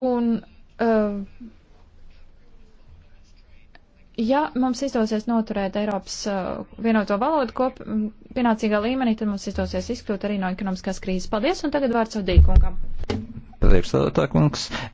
Un, uh, ja mums izdosies noturēt Eiropas uh, vienoto valodu kop, pienācīgā līmenī, tad mums izdosies izkļūt arī no ekonomiskās krīzes. Paldies, un tagad vārds Odīkungam. Priekšstādātā kungs.